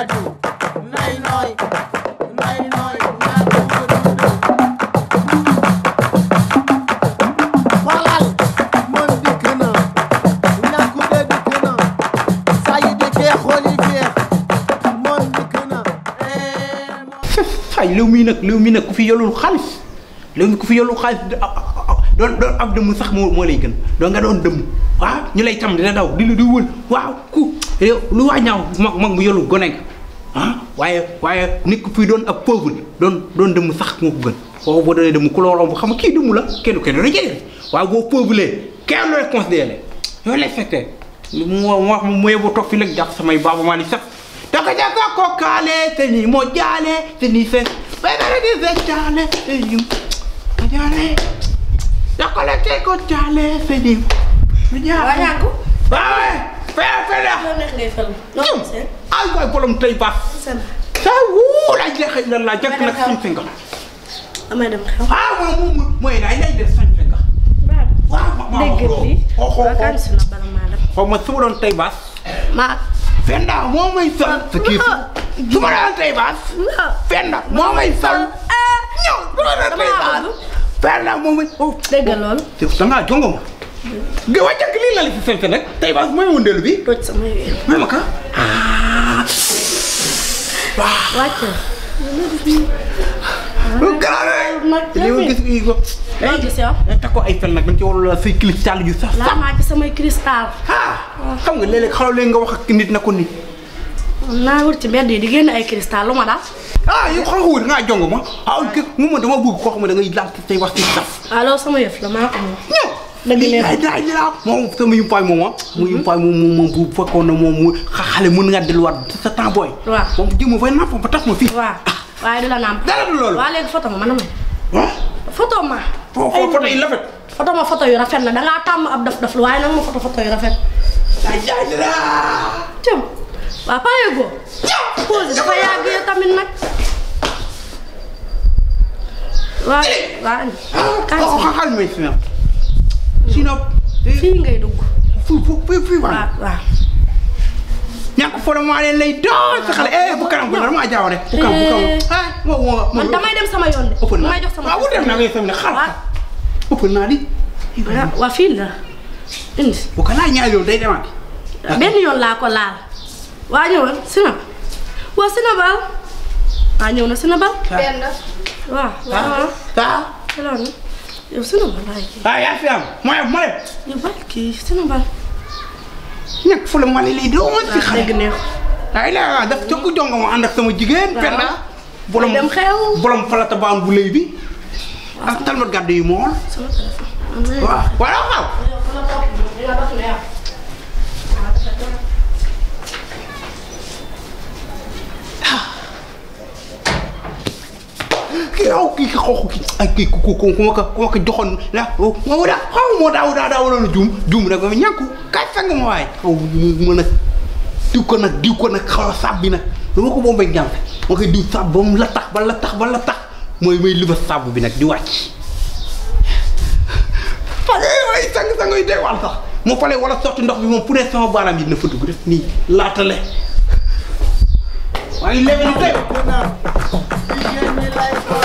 waaye léew mii nag léew mii nag ku fi yolul xaalis léew mi ku fi yolul xaalis ah, ah, ah, doon doon dëmm sax moo moo lay gën doon nga doon dëmm waaw ñu lay tam di lu di wël waaw ku lu waa ñaaw mag mu yolul gone ah waaye waaye nit ku fi doon ab pauvre doon doon dëmm sax moo ko gën waaw boo doonee dëmm ku loo romb xam nga kii dëmm la kenn kenn doon jëlee waaye boo pauvre kenn looy considéré yow lay fekkee lu mu wax mu mooy bu toog fi nag jàpp samay baaba maa ni sax daka daka ko kaale te moo jaale te ni fe jaale te ni jaale daka la ko jaale te ni ma jaale waaw fee fee la. loolu neex ngay fenn. loolu seen ay waay borom tey baax. saa wuu la jeexee lan laa jëkk nag sañ fi nga. damay dem xew ah waaw moom mooy laay lay def sañ fi nga. waaw ma ma xaw ma su ma doon tey baax. ma. Fenda moo may sal. sa kii su ma doon tey baax. Fenda moo may sal. ñëw su ma doon tey baax. Fenda moo may. dégg nga loolu. da ngaa jongo ma. ga waa jàkk lii la la fi fenfe nag tey baas mooy wëndeelu bi. toj sama wéer mooy ma ka. wàccal. li ma gis eh, eh, takkoo ay fen nag dañ ci war la say cristal yu xam nga léeg-léeg xalaw nga wax ak nit na ko nit. naa wër ci mbedd yi di génn ay cristal lu ma daal. ah yow xooloo wër ngaa jong ma ah mu ma dama bëgg koo xam ne da ngay laal say wax ci saf. alors sama yëf la maa ko moom. la dëgg la moom sama mu ah. mm-hmm. yumpaay moom moom bu moom mu xale mën moom jéem a fay naam ba tax ma fii. waaw ah. waaye du la naam. dara du loolu waaw léegi photo ma man ma. rafet. photo ma photo yu rafet na da ngaa tàmm la waaye nag ma photo photo yu rafet. ay jaay di la. cëm waaw paa yeggoo. pause dafa yàggee tamit nag. waaw waaw. Ah, kaay si Eh? fii ngay dugg. fu fu fu fu waaw waaw. ñàkk folo maa lay doon sa xale eh, bu kanam bu kanam maa jaawale. bu kanam bu kanam ah moom moom. sama yoon de. ëpp naa may jox sama ah, waaw dem naa ngay sam ne xalaat. ëpp naa di. waa fii la indi. bu ko laal ñaari yoon day demaat. Ah, benn yoon laa ko laal. waa ñëwal Sina. waa Sina Ba. waa ñëw na Sina Ba. benn. yow sunu mbal kii. ah yaa fi am mooy mooy. yow bal kii sunu mbal. nekk fu la ma ne lii doo ma ci xale. waaw la daf jokk ma sama jigéen. waaw penna bolom bolom falata baan bu léy bi. Ah. ak talmat gàddu yi moo woon. waaw kii kii kii ay kii ku ma ko ku ma ko joxoon la ma wala xaw ma daaw daa daa waroon a juum juum rek ma ñàkku kaay fekk ma waaye. xaw ma nag diw ko nag diw ko nag xaw a bi nag dama ko bombee jàmpe ma koy diw sàb ba mu mooy mooy liba bi nag di wàcc. fa ngay way sang-sang yi deewal sax moo fale wala sotti ndox bi moom pour sama baaraam yi dina fa dugg def nii laatale waaye léegi nag tey. Give me life.